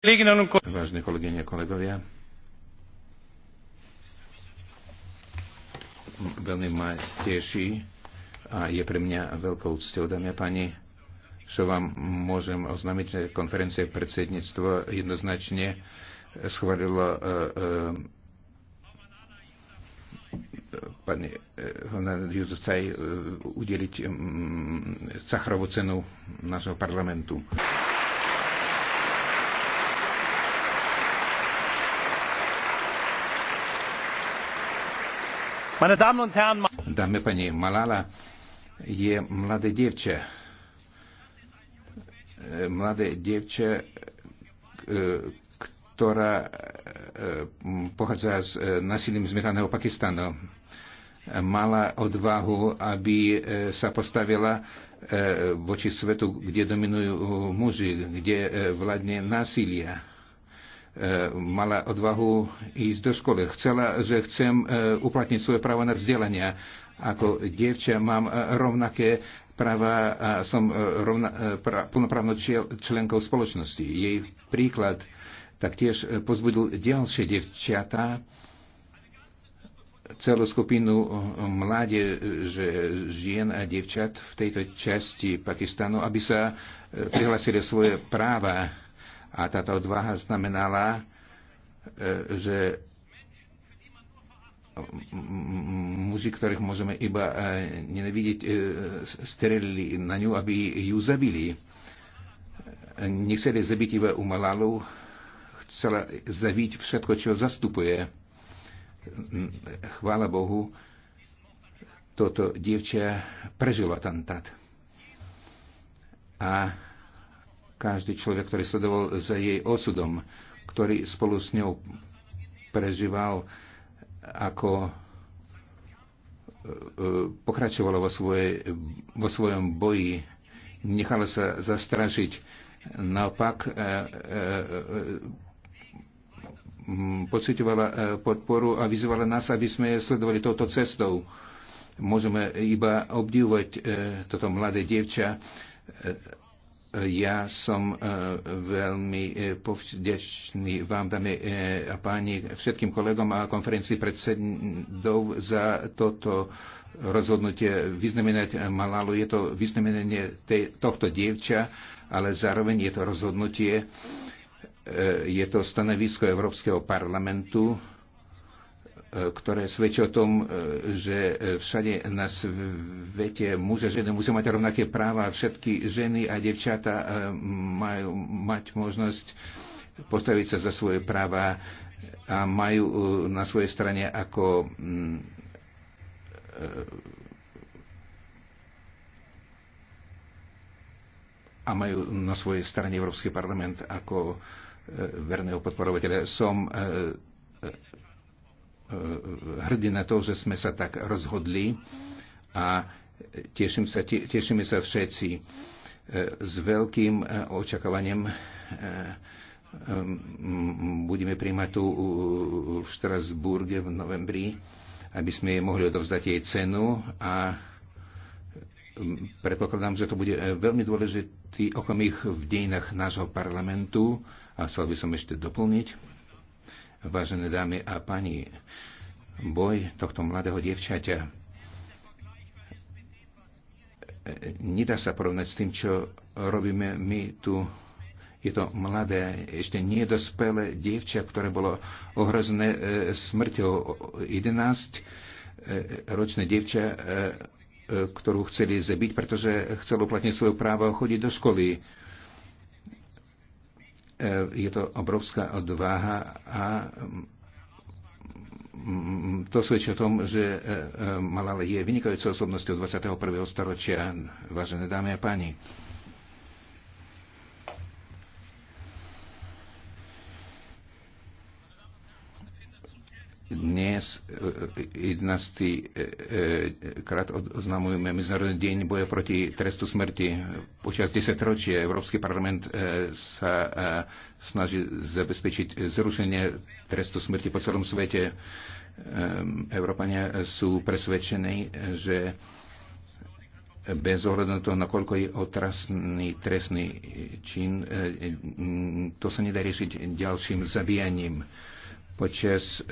Vážne kolegyne a kolegovia, veľmi ma teší a je pre mňa veľkou úctou, dámy a páni, že vám môžem oznámiť, že konferencia predsedníctva jednoznačne schválila e, e, pani e, Jozefcaj udeliť Cachrovú cenu nášho parlamentu. Dámy a pani, Malala je mladé dievče. E, mladé dievče, e, ktorá e, pochádza z násilím zmiechaného Pakistanu. Mala odvahu, aby sa postavila voči svetu, kde dominujú muži, kde vládne násilia E, mala odvahu ísť do školy. Chcela, že chcem e, uplatniť svoje právo na vzdelanie. Ako dievča mám e, rovnaké práva a som rovna, pra, plnoprávnou členkou spoločnosti. Jej príklad taktiež pozbudil ďalšie dievčatá, celú skupinu mládeže žien a dievčat v tejto časti Pakistanu, aby sa prihlasili svoje práva a táto odvaha znamenala, e, že muži, ktorých môžeme iba e, nenavidieť, e, strelili na ňu, aby ju zabili. Nechceli zabiť iba Umalalu, chcela zabiť všetko, čo zastupuje. Chvála Bohu, toto dievča prežilo atentát. A každý človek, ktorý sledoval za jej osudom, ktorý spolu s ňou prežíval, ako e, e, pokračovala vo, svoje, vo svojom boji, nechala sa zastražiť. Naopak e, pocitovala podporu a vyzvala nás, aby sme sledovali touto cestou. Môžeme iba obdivovať toto mladé dievča ja som e, veľmi e, povdečný vám, dámy e, a páni, všetkým kolegom a konferencii predsedov za toto rozhodnutie vyznamenať Malalu. Je to vyznamenanie tej, tohto dievča, ale zároveň je to rozhodnutie, je to stanovisko Európskeho parlamentu, E, ktoré svedčí o tom, e, že e, všade na svete muže a ženy musia mať rovnaké práva a všetky ženy a devčata majú mať možnosť postaviť sa za svoje práva a majú na svojej strane ako mm, a majú na svojej strane Európsky parlament ako verného podporovateľa. Som E, e, hrdí na to, že sme sa tak rozhodli a teším sa, tešíme sa všetci e, s veľkým očakávaním budeme príjmať tu v Štrasburge v novembri, aby sme mohli odovzdať jej cenu a predpokladám, že to bude veľmi dôležitý okamih v dejinách nášho parlamentu a chcel by som ešte doplniť, vážené dámy a pani. Boj tohto mladého dievčaťa e, nedá sa porovnať s tým, čo robíme my tu. Je to mladé, ešte nedospelé dievča, ktoré bolo ohrozené e, smrťou. 11-ročné e, dievča, ktorú chceli zabiť, pretože chcelo uplatniť svoje právo chodiť do školy je to obrovská odvaha a to svedčí o tom, že e, e, Malala je vynikajúca osobnosťou 21. storočia, vážené dámy a páni. dnes 11. Eh, eh, eh, krát oznamujeme Medzinárodný deň boja proti trestu smrti. Počas 10 ročia Európsky parlament sa snaží zabezpečiť zrušenie trestu smrti po celom svete. Ehm, Európania sú presvedčení, že bez ohľadu na to, nakoľko je otrasný trestný čin, to sa nedá riešiť ďalším zabíjaním. Počas